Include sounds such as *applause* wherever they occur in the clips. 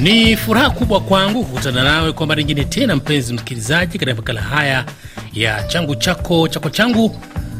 Ni furaha kubwa kwangu kukutana nawe kwa mara nyingine tena, mpenzi msikilizaji, katika makala haya ya changu chako chako changu,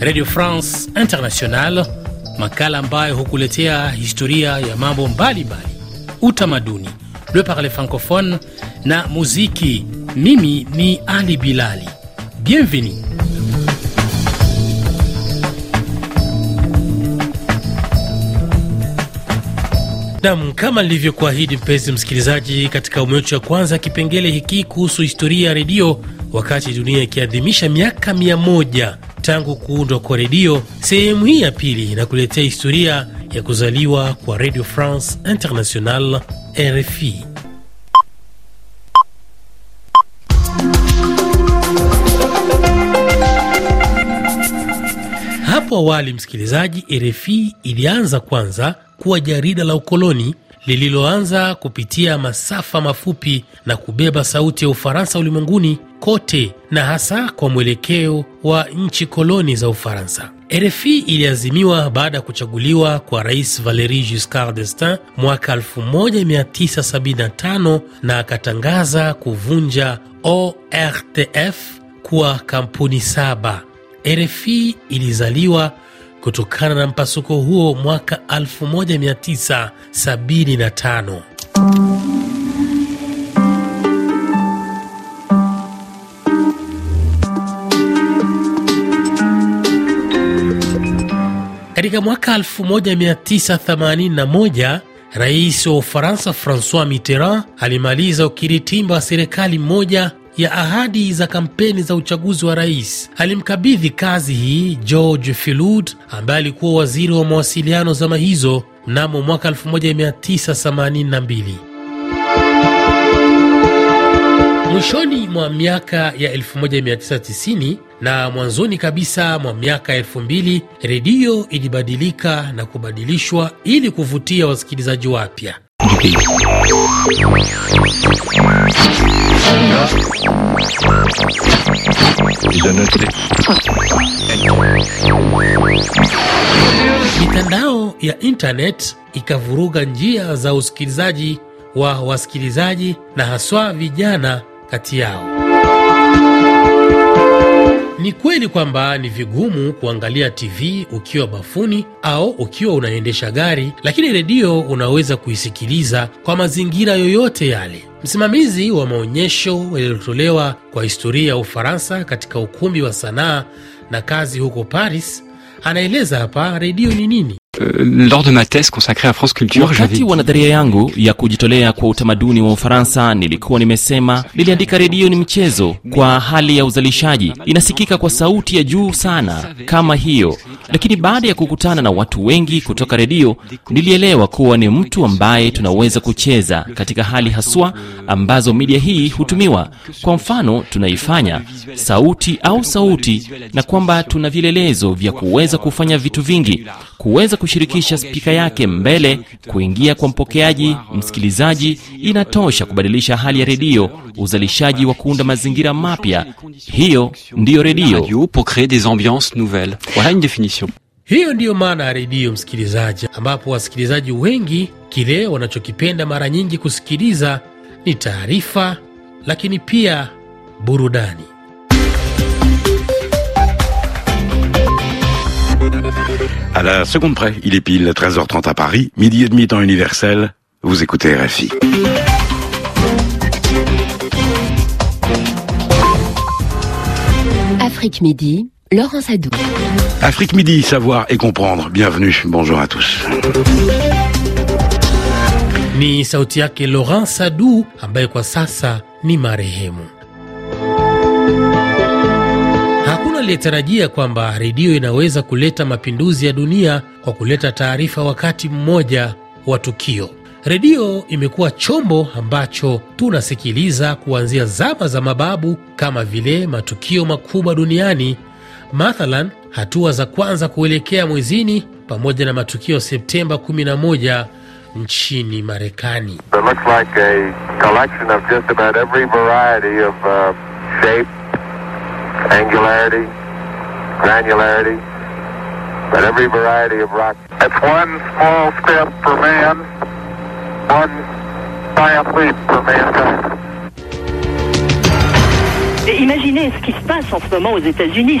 Radio France International, makala ambayo hukuletea historia ya mambo mbalimbali, utamaduni, le parle francophone na muziki. Mimi ni Ali Bilali. Bienvenue. Nam, kama nilivyokuahidi mpenzi msikilizaji, katika umeocho ya kwanza kipengele hiki kuhusu historia ya redio. Wakati dunia ikiadhimisha miaka mia moja tangu kuundwa kwa redio, sehemu hii ya pili inakuletea historia ya kuzaliwa kwa Radio France International RFI. Hapo awali, msikilizaji, RFI ilianza kwanza kuwa jarida la ukoloni lililoanza kupitia masafa mafupi na kubeba sauti ya Ufaransa ulimwenguni kote na hasa kwa mwelekeo wa nchi koloni za Ufaransa. RFI iliazimiwa baada ya kuchaguliwa kwa Rais Valeri Giscard d'Estaing mwaka 1975 na akatangaza kuvunja ORTF kuwa kampuni saba. RFI ilizaliwa kutokana na mpasuko huo mwaka 1975. Katika mwaka 1981 rais wa Ufaransa Francois Mitterrand alimaliza ukiritimba wa serikali moja ya ahadi za kampeni za uchaguzi wa rais. Alimkabidhi kazi hii George Filud ambaye alikuwa waziri wa mawasiliano zama hizo mnamo mwaka 1982. Mwishoni mwa miaka ya 1990 na mwanzoni kabisa mwa miaka 2000 redio ilibadilika na kubadilishwa ili kuvutia wasikilizaji wapya. Mitandao ya intanet ikavuruga njia za usikilizaji wa wasikilizaji na haswa vijana kati yao. Ni kweli kwamba ni vigumu kuangalia TV ukiwa bafuni au ukiwa unaendesha gari, lakini redio unaweza kuisikiliza kwa mazingira yoyote yale. Msimamizi wa maonyesho yaliyotolewa kwa historia ya Ufaransa katika ukumbi wa sanaa na kazi huko Paris anaeleza hapa redio ni nini. Euh, lors de ma thèse consacrée à France Culture, wakati wa nadharia yangu ya kujitolea kwa utamaduni wa Ufaransa nilikuwa nimesema, niliandika redio ni mchezo kwa hali ya uzalishaji, inasikika kwa sauti ya juu sana kama hiyo, lakini baada ya kukutana na watu wengi kutoka redio nilielewa kuwa ni mtu ambaye tunaweza kucheza katika hali haswa ambazo media hii hutumiwa. Kwa mfano, tunaifanya sauti au sauti, na kwamba tuna vilelezo vya kuweza kufanya vitu vingi, kuweza kushirikisha spika yake mbele, kuingia kwa mpokeaji msikilizaji, inatosha kubadilisha hali ya redio, uzalishaji wa kuunda mazingira mapya. Hiyo ndiyo redio. Hiyo ndiyo maana ya redio, msikilizaji, ambapo wasikilizaji wengi kile wanachokipenda mara nyingi kusikiliza ni taarifa, lakini pia burudani. À la seconde près, il est pile 13h30 à Paris, midi et demi temps universel. Vous écoutez RFI. Afrique Midi, Laurent Adou. Afrique Midi, savoir et comprendre. Bienvenue, bonjour à tous. Ni sautiak Laurent Laurence Adou ambaye kwa sasa ni marehemu. aliyetarajia kwamba redio inaweza kuleta mapinduzi ya dunia kwa kuleta taarifa wakati mmoja wa tukio. Redio imekuwa chombo ambacho tunasikiliza kuanzia zama za mababu, kama vile matukio makubwa duniani, mathalan hatua za kwanza kuelekea mwezini, pamoja na matukio Septemba 11 nchini Marekani. angularity, granularity, but every variety of rock. It's one small step for man, one giant leap for mankind. Imaginez ce qui se passe en ce moment aux États-Unis.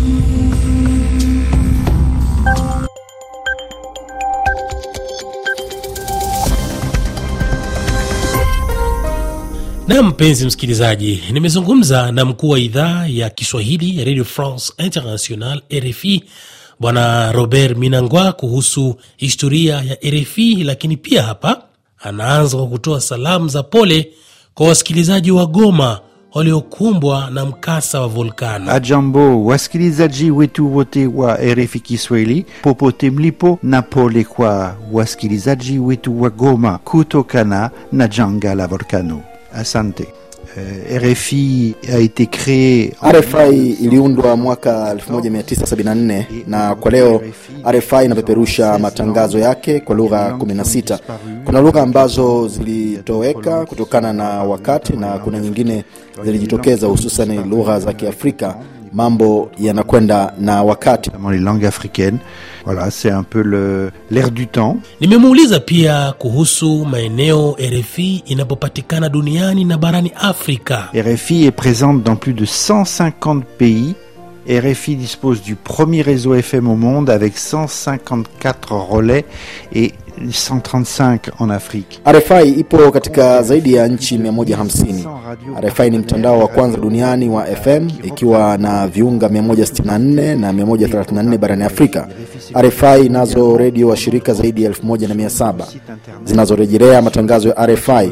Na mpenzi msikilizaji, nimezungumza na mkuu wa idhaa ya Kiswahili ya Radio France International RFI Bwana Robert Minangwa kuhusu historia ya RFI, lakini pia hapa anaanza kwa kutoa salamu za pole kwa wasikilizaji wa Goma waliokumbwa na mkasa wa volkano. Ajambo wasikilizaji wetu wote wa RFI Kiswahili popote mlipo, na pole kwa wasikilizaji wetu wa Goma kutokana na janga la volkano. Ah, asante. Eh, RFI a été créé RFI iliundwa mwaka 1974 na kwa leo RFI inapeperusha matangazo yake kwa lugha 16. Kuna lugha ambazo zilitoweka kutokana na wakati na kuna nyingine zilijitokeza, hususan lugha za Kiafrika mambo yanakwenda na wakati. Les langues africaines, voilà, c'est un peu l'air du temps. Nimemuuliza pia kuhusu maeneo RFI inapopatikana duniani na barani Afrika. RFI est présente dans plus de 150 pays RFI dispose du premier réseau FM au monde avec 154 relais et 135 en Afrique. RFI ipo katika zaidi ya nchi 150. RFI ni mtandao wa kwanza duniani wa FM ikiwa na viunga 164 na 134 barani Afrika. RFI inazo redio shirika zaidi ya 1700 zinazorejelea matangazo ya RFI.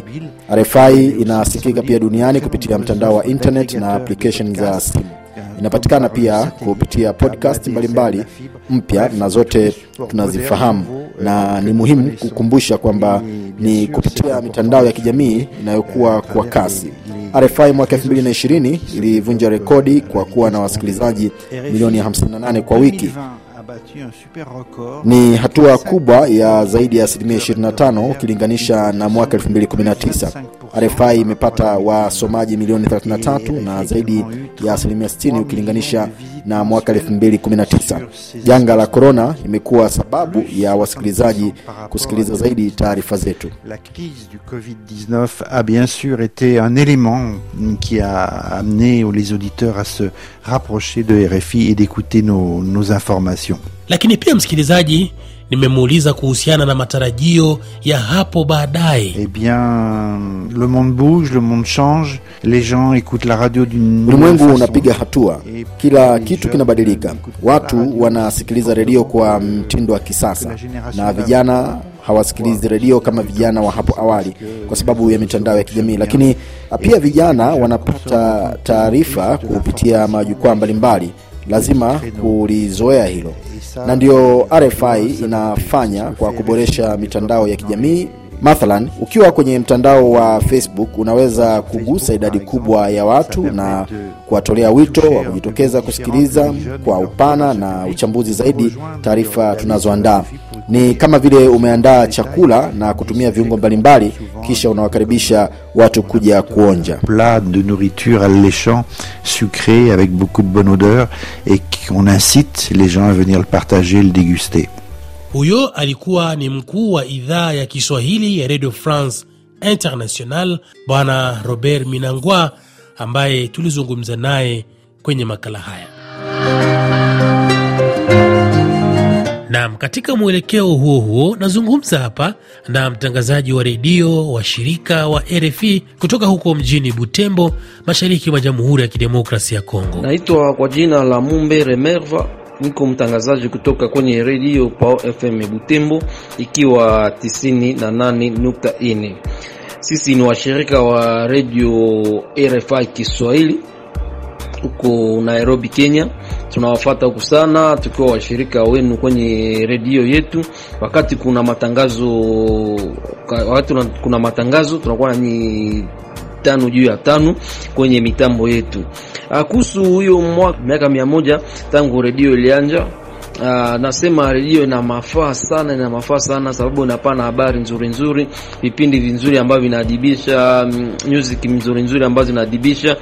RFI inasikika pia duniani kupitia mtandao wa internet na application za simu. Inapatikana pia kupitia podcast mbalimbali mpya na zote tunazifahamu, na ni muhimu kukumbusha kwamba ni kupitia mitandao ya kijamii inayokuwa kwa kasi. RFI mwaka 220 ilivunja rekodi kwa kuwa na wasikilizaji milioni 58 kwa wiki. Ni hatua kubwa ya zaidi ya asilimia 25 ukilinganisha na mwaka 2019. RFI imepata wasomaji milioni 33 na zaidi ya asilimia 60 ukilinganisha na mwaka 2019. Janga la corona imekuwa sababu ya wasikilizaji kusikiliza zaidi taarifa zetu. La crise du Covid-19 a bien sûr été un élément qui a amené les auditeurs à se rapprocher de RFI et d'écouter nos, nos informations. Lakini pia msikilizaji Nimemuuliza kuhusiana na matarajio ya hapo baadaye. Eh bien, le monde bouge, le monde change, les gens la radio Ulimwengu unapiga hatua, kila kitu kinabadilika. Watu wanasikiliza redio kwa mtindo wa kisasa na vijana hawasikilizi redio kama vijana wa hapo awali kwa sababu ya mitandao ya kijamii, lakini pia vijana wanapata taarifa kupitia majukwaa mbalimbali lazima kulizoea hilo, na ndiyo RFI inafanya kwa kuboresha mitandao ya kijamii Mathalan, ukiwa kwenye mtandao wa Facebook unaweza kugusa idadi kubwa ya watu na kuwatolea wito wa kujitokeza kusikiliza kwa upana na uchambuzi zaidi taarifa tunazoandaa. Ni kama vile umeandaa chakula na kutumia viungo mbalimbali, kisha unawakaribisha watu kuja kuonja. Plat de nourriture alléchant sucré avec beaucoup de bonne odeur et qu'on incite les gens à venir le partager le déguster. Huyo alikuwa ni mkuu wa idhaa ya Kiswahili ya Radio France International, Bwana Robert Minangwa, ambaye tulizungumza naye kwenye makala haya. Nam, katika mwelekeo huo huo, nazungumza hapa na mtangazaji wa redio wa shirika wa RFI kutoka huko mjini Butembo, mashariki mwa Jamhuri ya Kidemokrasi ya Kongo. Naitwa kwa jina la Mumbe Remerva niko mtangazaji kutoka kwenye redio Pao FM Butembo ikiwa 98.4. Sisi ni washirika wa redio RFI Kiswahili huko Nairobi, Kenya. Tunawafata huku sana tukiwa washirika wenu kwenye redio yetu. Wakati kuna matangazo, wakati kuna matangazo tunakuwa ni tano juu ya tano kwenye mitambo yetu. Ah, kuhusu huyo miaka mia moja tangu redio ilianja Uh, nasema redio ina mafaa sana, ina mafaa sana sababu inapana habari nzuri nzuri, vipindi vizuri ambavyo vinaadibisha, mm, music nzuri nzuri ambazo zinaadibisha.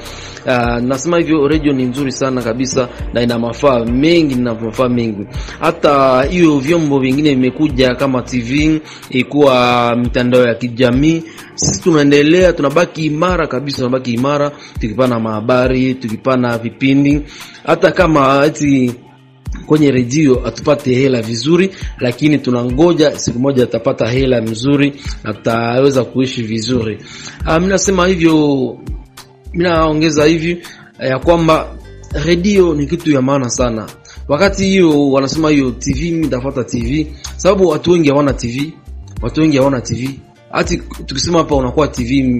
Uh, ah, nasema hivyo redio ni nzuri sana kabisa na ina mafaa mengi na mafaa mengi. Hata hiyo vyombo vingine vimekuja kama TV, ikuwa mitandao ya kijamii, sisi tunaendelea, tunabaki imara kabisa, tunabaki imara tukipana mahabari, tukipana vipindi hata kama eti kwenye redio atupate hela vizuri, lakini tunangoja siku moja atapata hela mzuri, ataweza kuishi vizuri. Ah, mimi nasema hivyo, mimi naongeza hivi eh, ya kwamba redio ni kitu ya maana sana. Wakati hiyo wanasema hiyo TV, mimi nitafuata TV sababu watu wengi hawana TV, watu wengi hawana TV. hati tukisema hapa unakuwa TV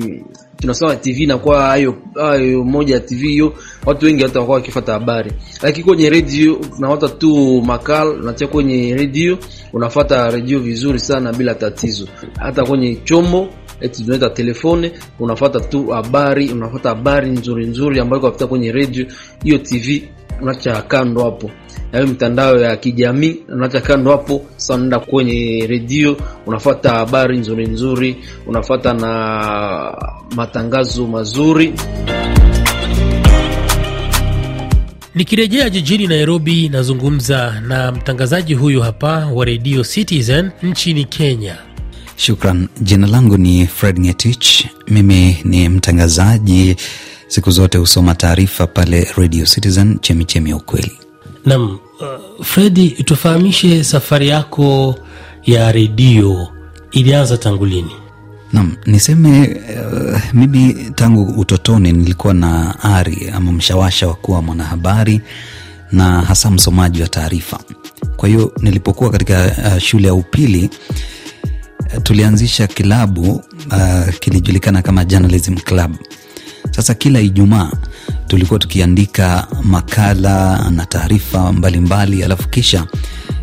tunasema TV inakuwa hayo hayo moja TV hiyo, watu wengi hata wakawa wakifata habari, lakini kwenye radio unafuata tu makala, natia kwenye radio, unafuata radio vizuri sana bila tatizo. Hata kwenye chombo eti tunaita telefone, unafuata tu habari, unafuata habari nzuri nzuri ambayo kwa kwenye radio hiyo. TV unacha kando hapo na hiyo mitandao ya kijamii, unaacha kando hapo. Sasa kwenye redio, unafuata habari nzuri nzuri, unafuata na matangazo mazuri. Nikirejea jijini Nairobi, nazungumza na mtangazaji huyu hapa wa redio Citizen nchini Kenya. Shukran. Jina langu ni Fred Ngetich, mimi ni mtangazaji, siku zote husoma taarifa pale Radio Citizen, chemichemi ya ukweli nam uh, Fredi, tufahamishe safari yako ya redio ilianza tangu lini? nam niseme uh, mimi tangu utotoni nilikuwa na ari ama mshawasha wa kuwa mwanahabari na hasa msomaji wa taarifa. Kwa hiyo nilipokuwa katika uh, shule ya upili uh, tulianzisha kilabu uh, kilijulikana kama Journalism Club sasa kila Ijumaa tulikuwa tukiandika makala na taarifa mbalimbali, alafu kisha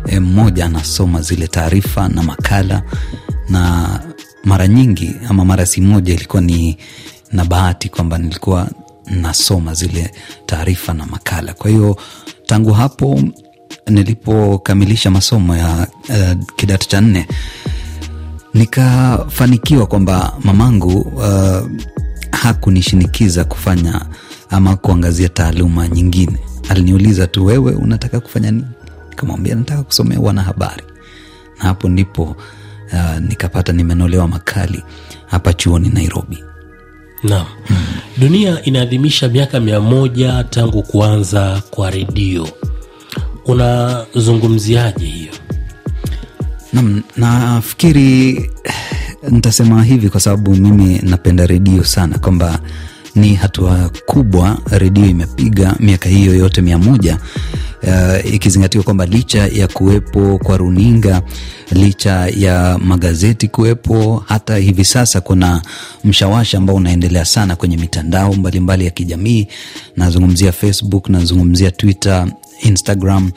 eh, mmoja anasoma zile taarifa na makala, na mara nyingi ama mara si moja ilikuwa ni na bahati kwamba nilikuwa nasoma zile taarifa na makala. Kwa hiyo tangu hapo nilipokamilisha masomo ya uh, kidato cha nne nikafanikiwa kwamba mamangu uh, hakunishinikiza kufanya ama kuangazia taaluma nyingine. Aliniuliza tu, wewe unataka kufanya nini? Nikamwambia nataka kusomea wanahabari, na hapo ndipo uh, nikapata nimenolewa makali hapa chuoni Nairobi. Naam. Hmm. Dunia inaadhimisha miaka mia moja tangu kuanza kwa redio, unazungumziaje hiyo? Naam, nafikiri Nitasema hivi kwa sababu mimi napenda redio sana, kwamba ni hatua kubwa redio imepiga miaka hiyo yote mia moja uh, ikizingatiwa kwamba licha ya kuwepo kwa runinga, licha ya magazeti kuwepo, hata hivi sasa kuna mshawasha ambao unaendelea sana kwenye mitandao mbalimbali mbali ya kijamii. Nazungumzia Facebook, nazungumzia Twitter, Instagram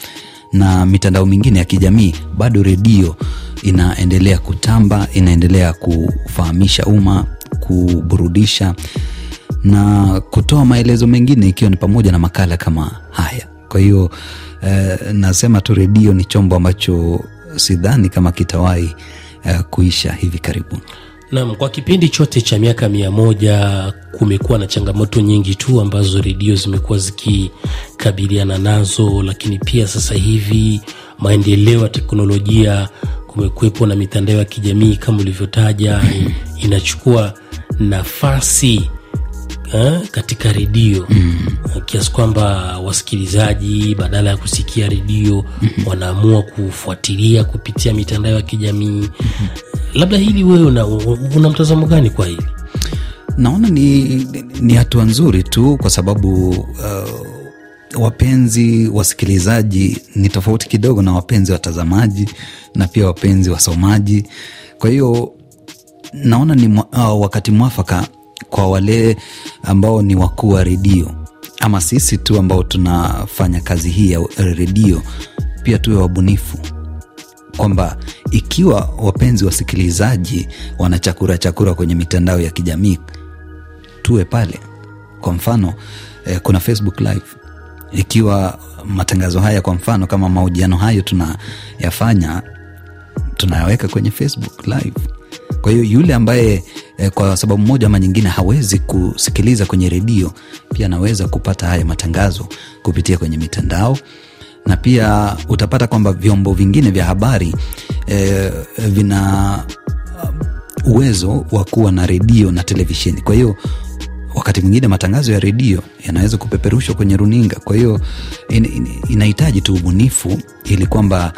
na mitandao mingine ya kijamii, bado redio inaendelea kutamba, inaendelea kufahamisha umma, kuburudisha na kutoa maelezo mengine, ikiwa ni pamoja na makala kama haya. Kwa hiyo eh, nasema tu redio ni chombo ambacho sidhani kama kitawahi eh, kuisha hivi karibuni. Naam, kwa kipindi chote cha miaka mia moja kumekuwa na changamoto nyingi tu ambazo redio zimekuwa zikikabiliana nazo, lakini pia sasa hivi maendeleo ya teknolojia, kumekuwepo na mitandao ya kijamii kama ulivyotaja, *clears throat* inachukua nafasi eh, katika redio mm. Eh, kiasi kwamba wasikilizaji badala ya kusikia redio mm -hmm. wanaamua kufuatilia kupitia mitandao ya kijamii mm -hmm. Labda hili wewe una, una mtazamo gani kwa hili? Naona ni, ni hatua nzuri tu kwa sababu uh, wapenzi wasikilizaji ni tofauti kidogo na wapenzi watazamaji na pia wapenzi wasomaji. Kwa hiyo naona ni mwa, uh, wakati mwafaka kwa wale ambao ni wakuu wa redio ama sisi tu ambao tunafanya kazi hii ya redio, pia tuwe wabunifu kwamba ikiwa wapenzi wasikilizaji wanachakura chakura kwenye mitandao ya kijamii tuwe pale. Kwa mfano eh, kuna Facebook Live. Ikiwa matangazo haya kwa mfano kama mahojiano hayo tunayafanya tunayaweka kwenye Facebook Live kwa hiyo yule ambaye eh, kwa sababu moja ama nyingine hawezi kusikiliza kwenye redio, pia anaweza kupata haya matangazo kupitia kwenye mitandao na pia utapata kwamba vyombo vingine vya habari eh, vina um, uwezo wa kuwa na redio na televisheni. Kwa hiyo wakati mwingine matangazo ya redio yanaweza kupeperushwa kwenye runinga. Kwa hiyo in, in, inahitaji tu ubunifu ili kwamba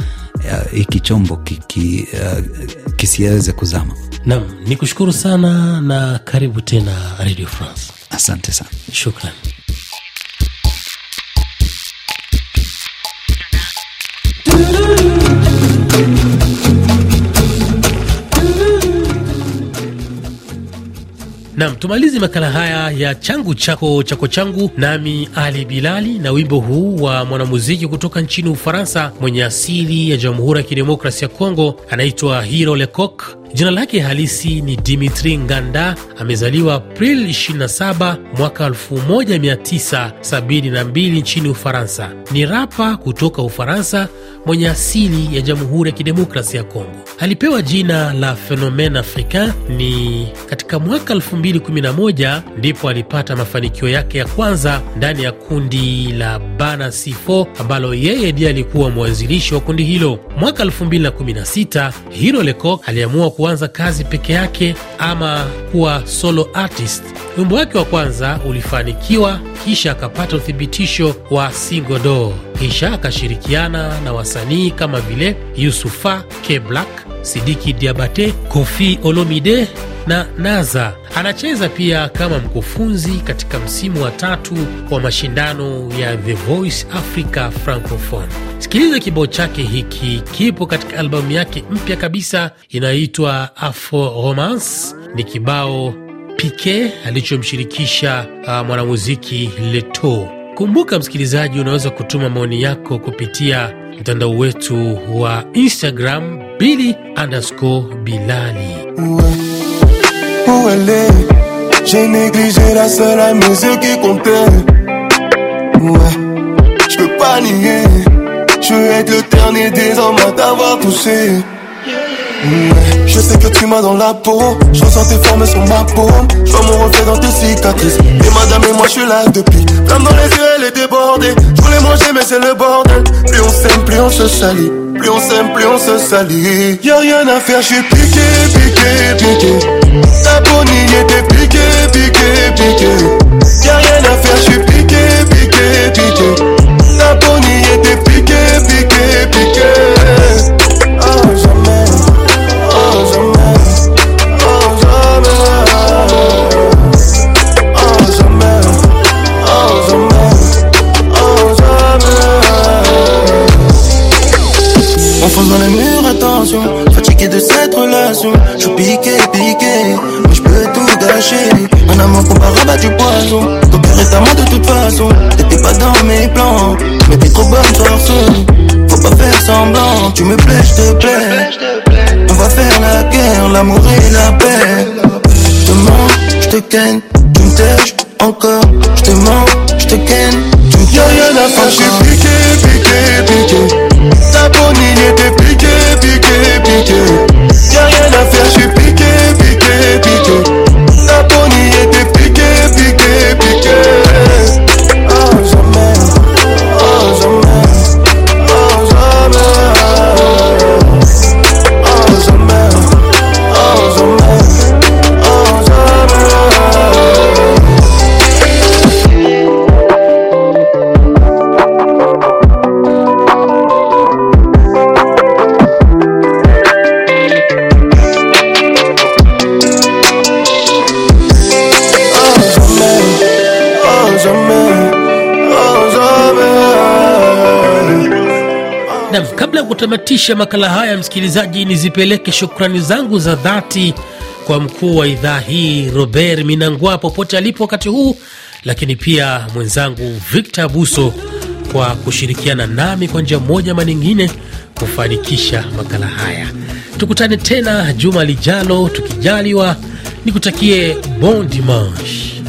hiki chombo kiki, uh, kisiweze kuzama. Naam, ni kushukuru sana na karibu tena Radio France. Asante sana, shukran. Nam, tumalizi makala haya ya changu chako chako changu, nami Ali Bilali na wimbo huu wa mwanamuziki kutoka nchini Ufaransa mwenye asili ya Jamhuri ya Kidemokrasi ya Kongo, anaitwa Hiro Lecoq. Jina lake halisi ni Dimitri Nganda. Amezaliwa april 27 mwaka 1972 nchini Ufaransa. Ni rapa kutoka Ufaransa mwenye asili ya Jamhuri ya Kidemokrasia ya Kongo. Alipewa jina la Fenomen Africain. Ni katika mwaka 2011 ndipo alipata mafanikio yake ya kwanza ndani ya kundi la Bana C4 ambalo yeye ndiye alikuwa mwanzilishi wa kundi hilo. Mwaka 2016 Hiro Lecoq aliamua kuanza kazi peke yake ama kuwa solo artist. Wimbo wake wa kwanza ulifanikiwa, kisha akapata uthibitisho wa singodo, kisha akashirikiana na wasanii kama vile Yusufa K Black, Sidiki Diabate, Kofi Olomide na Naza. Anacheza pia kama mkufunzi katika msimu wa tatu wa mashindano ya The Voice Africa Francophone. Sikiliza kibao chake hiki, kipo katika albamu yake mpya kabisa inayoitwa Afro Romance. Ni kibao Pike alichomshirikisha uh, mwanamuziki Leto. Kumbuka msikilizaji, unaweza kutuma maoni yako kupitia mtandao wetu wa Instagram Billy underscore bilali J'ai négligé la seule à mes yeux qui comptait. Ouais, je peux pas nier. Je veux être le dernier des hommes d'avoir t'avoir touché. Je sais que tu m'as dans la peau, je ressens tes formes sur ma peau, je vois mon reflet dans tes cicatrices. Et madame et moi je suis là depuis, flamme dans les yeux elle est débordée, je voulais manger mais c'est le bordel. Plus on s'aime, plus on se salit, plus on s'aime, plus on se salit. Y'a rien à faire, je suis piqué, piqué, piqué. Ta bonnie était piqué, piqué, piqué. Y'a rien à faire, je suis piqué, piqué, piqué. Ta bonnie était piqué, piqué, piqué. Fatigué de cette relation, je suis piqué, piqué. Mais je peux tout gâcher. Un amour qu'on rabat du poison. Ton sa de toute façon. T'étais pas dans mes plans, mais t'es trop bonne sorceuse. Faut pas faire semblant, tu me plais, je te plais. On va faire la guerre, l'amour et la paix. Je te mens, je te ken, tu me encore. Je te mens, je te ken, tu me rien Yo je piqué, piqué, piqué. Ta do tunapotamatisha makala haya, msikilizaji, nizipeleke shukrani zangu za dhati kwa mkuu wa idhaa hii Robert Minangwa popote alipo wakati huu, lakini pia mwenzangu Victor Buso kwa kushirikiana nami kwa njia moja ama nyingine kufanikisha makala haya. Tukutane tena juma lijalo, tukijaliwa. Nikutakie bon dimanche.